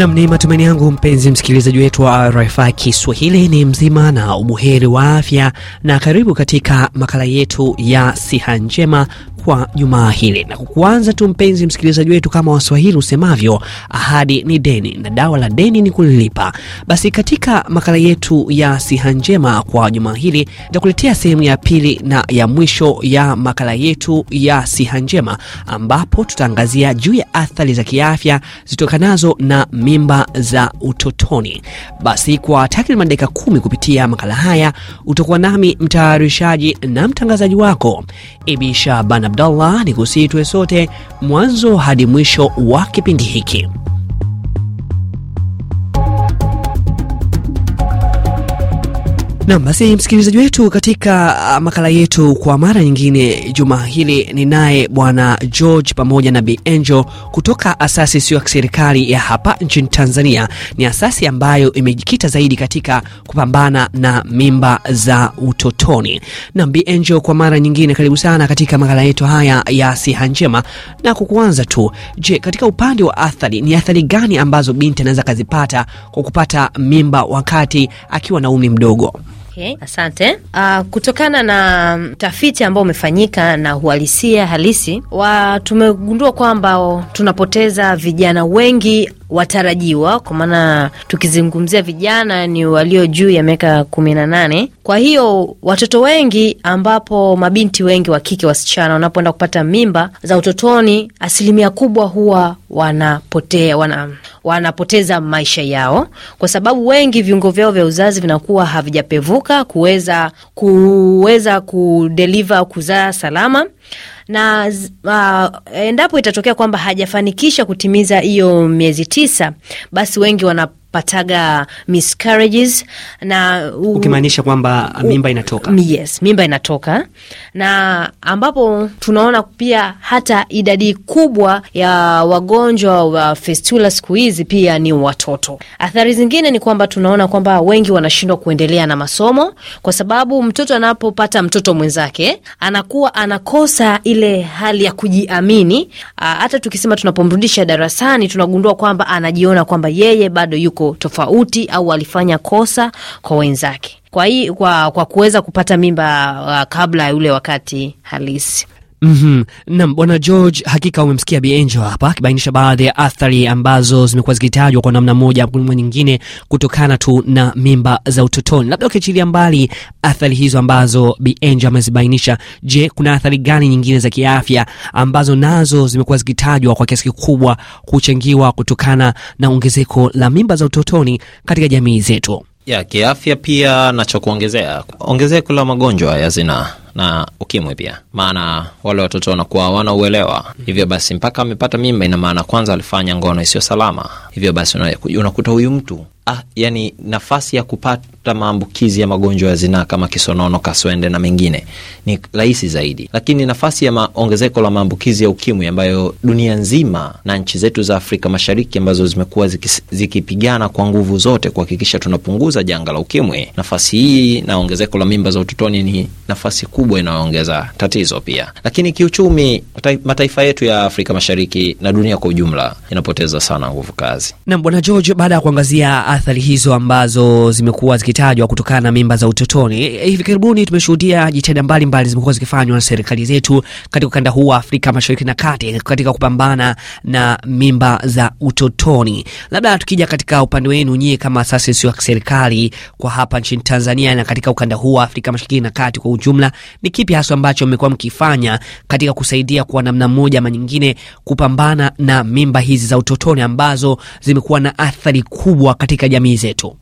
Nam, ni matumaini yangu mpenzi msikilizaji wetu wa RFI Kiswahili ni mzima na ubuheri wa afya, na karibu katika makala yetu ya siha njema kwa jumaa hili, na kukuanza tu, mpenzi msikilizaji wetu, kama waswahili usemavyo, ahadi ni deni na dawa la deni ni kulilipa. Basi katika makala yetu ya siha njema kwa jumaa hili nitakuletea sehemu ya pili na ya mwisho ya makala yetu ya siha njema, ambapo tutaangazia juu ya athari za kiafya zitokanazo na mimba za utotoni. Basi kwa takriban dakika kumi kupitia makala haya utakuwa nami mtayarishaji na mtangazaji wako Ibi bana Abdallah, ni kusii tuwe sote mwanzo hadi mwisho wa kipindi hiki. Nam basi, msikilizaji wetu, katika ah, makala yetu kwa mara nyingine juma hili ni naye Bwana George pamoja na Bi Angel kutoka asasi sio ya kiserikali ya hapa nchini Tanzania. Ni asasi ambayo imejikita zaidi katika kupambana na mimba za utotoni. Na Bi Angel, kwa mara nyingine karibu sana katika makala yetu haya ya siha njema. Na kwa kuanza tu, je, katika upande wa athari, ni athari gani ambazo binti anaweza akazipata kwa kupata mimba wakati akiwa na umri mdogo? Okay, asante. Uh, kutokana na tafiti ambao umefanyika na uhalisia halisi wa tumegundua kwamba tunapoteza vijana wengi watarajiwa, kwa maana tukizungumzia vijana ni walio juu ya miaka kumi na nane. Kwa hiyo watoto wengi, ambapo mabinti wengi wa kike, wasichana wanapoenda kupata mimba za utotoni, asilimia kubwa huwa wanapotea, wana, wanapoteza maisha yao, kwa sababu wengi viungo vyao vya uzazi vinakuwa havijapevuka kuweza kuweza kudeliva kuzaa salama na uh, endapo itatokea kwamba hajafanikisha kutimiza hiyo miezi tisa, basi wengi wana pataga miscarriages na u... ukimaanisha kwamba mimba inatoka. Yes, mimba inatoka, na ambapo tunaona pia hata idadi kubwa ya wagonjwa wa fistula siku hizi pia ni watoto. Athari zingine ni kwamba tunaona kwamba wengi wanashindwa kuendelea na masomo kwa sababu mtoto anapopata mtoto mwenzake anakuwa anakosa ile hali ya kujiamini. Hata tukisema tunapomrudisha darasani tunagundua kwamba anajiona kwamba yeye bado yuko yuko tofauti au alifanya kosa kwa wenzake, kwa hii, kwa, kwa kuweza kupata mimba uh, kabla ya ule wakati halisi. Mm -hmm. Naam, Bwana George, hakika umemsikia Bi Angel hapa akibainisha baadhi ya athari ambazo zimekuwa zikitajwa kwa namna moja ama nyingine kutokana tu na mimba za utotoni. Labda ukiachilia mbali athari hizo ambazo Bi Angel amezibainisha, je, kuna athari gani nyingine za kiafya ambazo nazo zimekuwa zikitajwa kwa kiasi kikubwa kuchangiwa kutokana na ongezeko la mimba za utotoni katika jamii zetu? Ya kiafya pia nachokuongezea ongezeko la magonjwa ya zinaa na ukimwi pia, maana wale watoto wanakuwa wana uelewa. Hivyo basi mpaka amepata mimba, ina maana kwanza alifanya ngono isiyo salama. Hivyo basi unakuta huyu mtu Ah, yani nafasi ya kupata maambukizi ya magonjwa ya zinaa kama kisonono, kaswende na mengine ni rahisi zaidi, lakini nafasi ya ongezeko la maambukizi ya ukimwi ambayo dunia nzima na nchi zetu za Afrika Mashariki ambazo zimekuwa zikipigana ziki kwa nguvu zote kuhakikisha tunapunguza janga la ukimwi, nafasi hii na ongezeko la mimba za utotoni ni nafasi ku kubwa inayoongeza tatizo pia. Lakini kiuchumi, mataifa yetu ya Afrika Mashariki na dunia kwa ujumla inapoteza sana nguvu kazi. Na Bwana George, baada ya kuangazia athari hizo ambazo zimekuwa zikitajwa kutokana na mimba za utotoni, hivi karibuni tumeshuhudia jitihada mbalimbali zimekuwa zikifanywa na serikali zetu katika ukanda huu wa Afrika Mashariki na Kati katika kupambana na mimba za utotoni. Labda tukija katika upande wenu nyie kama asasi sio ya kiserikali kwa hapa nchini Tanzania na katika ukanda huu wa Afrika Mashariki na Kati kwa ujumla, ni kipi haswa ambacho mmekuwa mkifanya katika kusaidia kwa namna moja ama nyingine kupambana na mimba hizi za utotoni ambazo zimekuwa na athari kubwa katika jamii zetu?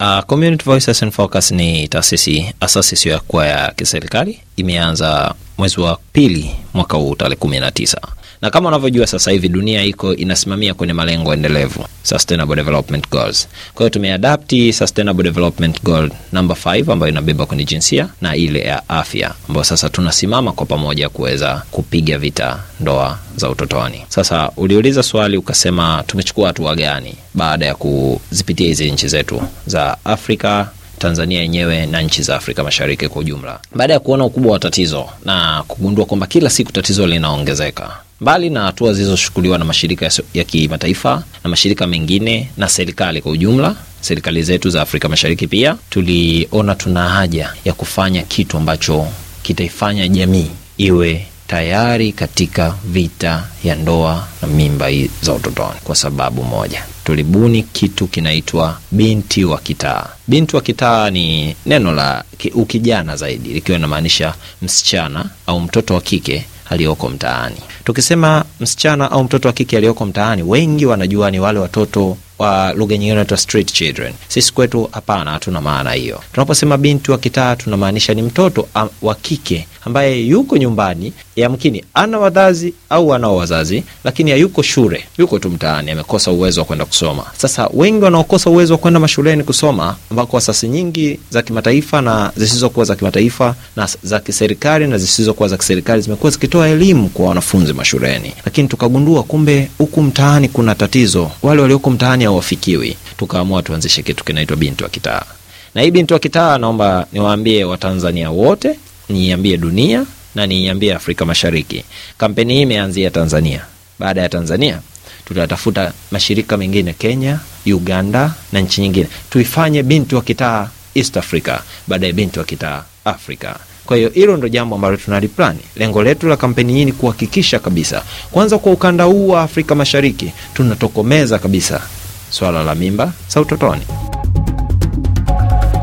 Uh, Community Voices and Focus ni taasisi asasi isiyokuwa ya kiserikali, imeanza mwezi wa pili mwaka huu tarehe kumi na tisa na kama unavyojua sasa hivi dunia iko inasimamia kwenye malengo endelevu, sustainable development goals. Kwa hiyo tumeadapti sustainable development goal number 5 ambayo inabeba kwenye jinsia na ile ya afya, ambayo sasa tunasimama kwa pamoja kuweza kupiga vita ndoa za utotoni. Sasa uliuliza swali ukasema, tumechukua hatua gani baada ya kuzipitia hizi nchi zetu za Afrika Tanzania yenyewe na nchi za Afrika Mashariki kwa ujumla, baada ya kuona ukubwa wa tatizo na kugundua kwamba kila siku tatizo linaongezeka mbali na hatua zilizochukuliwa na mashirika ya kimataifa na mashirika mengine na serikali kwa ujumla, serikali zetu za Afrika Mashariki pia tuliona tuna haja ya kufanya kitu ambacho kitaifanya jamii iwe tayari katika vita ya ndoa na mimba za utotoni. Kwa sababu moja, tulibuni kitu kinaitwa binti wa kitaa. Binti wa kitaa ni neno la ukijana zaidi, likiwa inamaanisha msichana au mtoto wa kike aliyoko mtaani. Tukisema msichana au mtoto wa kike aliyoko mtaani, wengi wanajua ni wale watoto wa lugha nyingine inaitwa street children. Sisi kwetu hapana, hatuna maana hiyo. Tunaposema binti wa kitaa tunamaanisha ni mtoto wa kike ambaye yuko nyumbani, yamkini ana wazazi au anao wazazi, lakini hayuko shule, yuko tu mtaani, amekosa uwezo wa kwenda kusoma. Sasa wengi wanaokosa uwezo wa kwenda mashuleni kusoma, ambako asasi nyingi za kimataifa na zisizokuwa za kimataifa na za kiserikali na zisizokuwa za kiserikali zimekuwa zikitoa elimu kwa wanafunzi mashuleni, lakini tukagundua kumbe huku mtaani kuna tatizo, wale walioko mtaani hawafikiwi. Tukaamua tuanzishe kitu kinaitwa binti wa kitaa na hii binti wa kitaa, naomba niwaambie Watanzania wote niiambie dunia na niiambie Afrika Mashariki. Kampeni hii imeanzia Tanzania. Baada ya Tanzania, tutatafuta mashirika mengine Kenya, Uganda na nchi nyingine, tuifanye binti wa kitaa East Africa, ya binti wa kitaa Africa. Kwa hiyo hilo ndo jambo ambalo tunaliplani. Lengo letu la kampeni hii ni kuhakikisha kabisa, kwanza kwa ukanda huu wa Afrika Mashariki tunatokomeza kabisa swala la mimba za utotoni.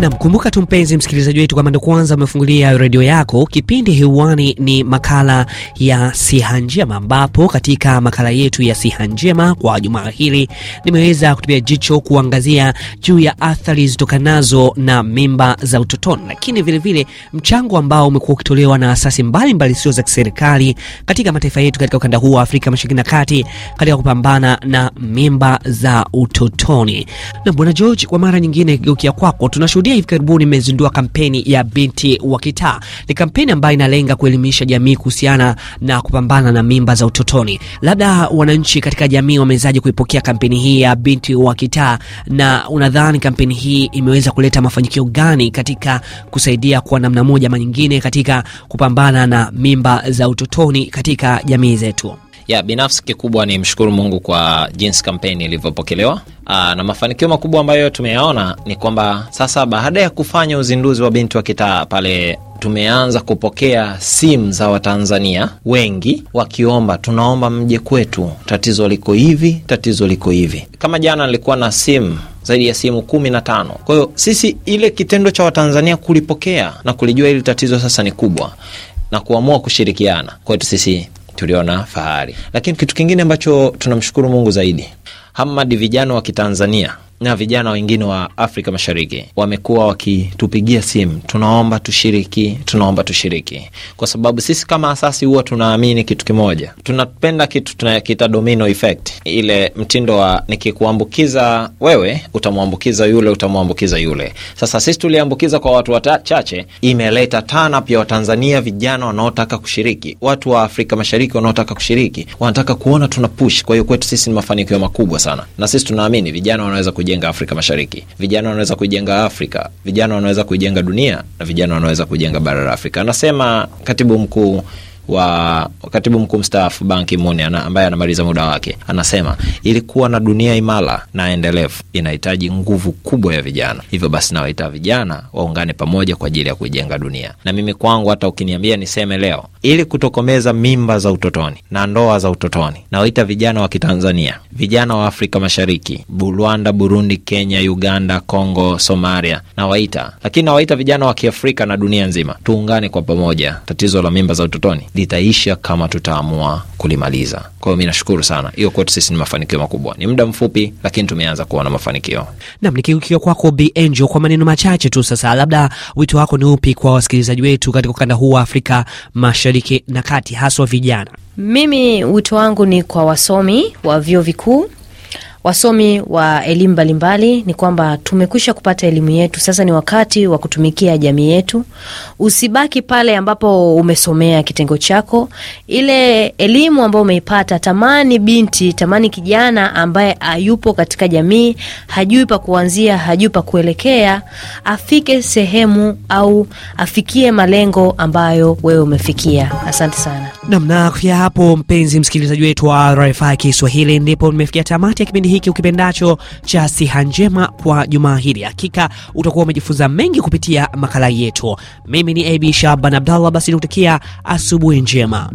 Namkumbuka tu mpenzi msikilizaji wetu kwamba ndo kwanza umefungulia redio yako. Kipindi hewani ni makala ya siha njema, ambapo katika makala yetu ya siha njema kwa jumaa hili nimeweza kutupia jicho kuangazia juu ya athari zitokanazo na mimba za utotoni, lakini vilevile mchango ambao umekuwa ukitolewa na asasi mbalimbali sio za kiserikali katika mataifa yetu katika ukanda huu wa Afrika Mashariki na Kati katika kupambana na mimba za utotoni. Na Bwana George, kwa mara nyingine geukia kwako, tunashuhudia Nimeshuhudia hivi karibuni imezindua kampeni ya binti wa kitaa. Ni kampeni ambayo inalenga kuelimisha jamii kuhusiana na kupambana na mimba za utotoni. Labda wananchi katika jamii wamewezaje kuipokea kampeni hii ya binti wa kitaa, na unadhani kampeni hii imeweza kuleta mafanikio gani katika kusaidia kwa namna moja ama nyingine katika kupambana na mimba za utotoni katika jamii zetu? ya binafsi, kikubwa ni mshukuru Mungu kwa jinsi kampeni ilivyopokelewa ah, na mafanikio makubwa ambayo tumeyaona ni kwamba sasa baada ya kufanya uzinduzi wa binti wa kitaa pale tumeanza kupokea simu za Watanzania wengi wakiomba, tunaomba mje kwetu, tatizo liko hivi, tatizo liko hivi. Kama jana nilikuwa na simu zaidi ya simu kumi na tano. Kwa hiyo sisi, ile kitendo cha Watanzania kulipokea na kulijua hili tatizo sasa ni kubwa na kuamua kushirikiana kwetu sisi tuliona fahari. Lakini kitu kingine ambacho tunamshukuru Mungu zaidi, Hamad, vijana wa Kitanzania na vijana wengine wa Afrika Mashariki wamekuwa wakitupigia simu, tunaomba tushiriki, tunaomba tushiriki, kwa sababu sisi kama asasi huwa tunaamini kitu kimoja, tunapenda kitu tunakiita domino effect, ile mtindo wa nikikuambukiza wewe utamwambukiza yule, utamwambukiza yule. Sasa sisi tuliambukiza kwa watu wachache, imeleta tana pia Watanzania vijana wanaotaka kushiriki, watu wa Afrika Mashariki wanaotaka kushiriki, wanataka kuona tuna push. Kwa hiyo kwetu sisi ni mafanikio makubwa sana, na sisi tunaamini vijana wanaweza kuijenga Afrika Mashariki, vijana wanaweza kuijenga Afrika, vijana wanaweza kuijenga dunia na vijana wanaweza kuijenga bara la Afrika, anasema katibu mkuu wa katibu mkuu mstaafu Ban Ki-moon ambaye anamaliza muda wake, anasema ili kuwa na dunia imara na endelevu inahitaji nguvu kubwa ya vijana. Hivyo basi nawaita vijana waungane pamoja kwa ajili ya kuijenga dunia. Na mimi kwangu, hata ukiniambia niseme leo, ili kutokomeza mimba za utotoni na ndoa za utotoni, nawaita vijana wa Kitanzania, vijana wa Afrika Mashariki, Rwanda, Burundi, Kenya, Uganda, Kongo, Somalia, nawaita lakini nawaita vijana wa Kiafrika na dunia nzima, tuungane kwa pamoja. Tatizo la mimba za utotoni litaisha kama tutaamua kulimaliza. Kwa hiyo mi nashukuru sana, hiyo kwetu sisi ni mafanikio makubwa. Ni muda mfupi, lakini tumeanza kuona mafanikio. Nam, nikiukiwa kwako Bi Angel, kwa maneno machache tu sasa, labda wito wako ni upi kwa wasikilizaji wetu katika ukanda huu wa Afrika Mashariki na Kati, haswa vijana? Mimi wito wangu ni kwa wasomi wa vyuo vikuu wasomi wa elimu mbalimbali, ni kwamba tumekwisha kupata elimu yetu, sasa ni wakati wa kutumikia jamii yetu. Usibaki pale ambapo umesomea kitengo chako. Ile elimu ambayo umeipata, tamani binti, tamani kijana ambaye ayupo katika jamii, hajui pa kuanzia, hajui pa kuelekea, afike sehemu au afikie malengo ambayo wewe umefikia. Asante sana namna. Kufikia hapo, mpenzi msikilizaji wetu wa RFI Kiswahili, ndipo nimefikia tamati ya kipindi hiki ukipendacho cha Siha Njema kwa jumaa hili. Hakika utakuwa umejifunza mengi kupitia makala yetu. Mimi ni AB Shaban Abdallah, basi nikutakia asubuhi njema.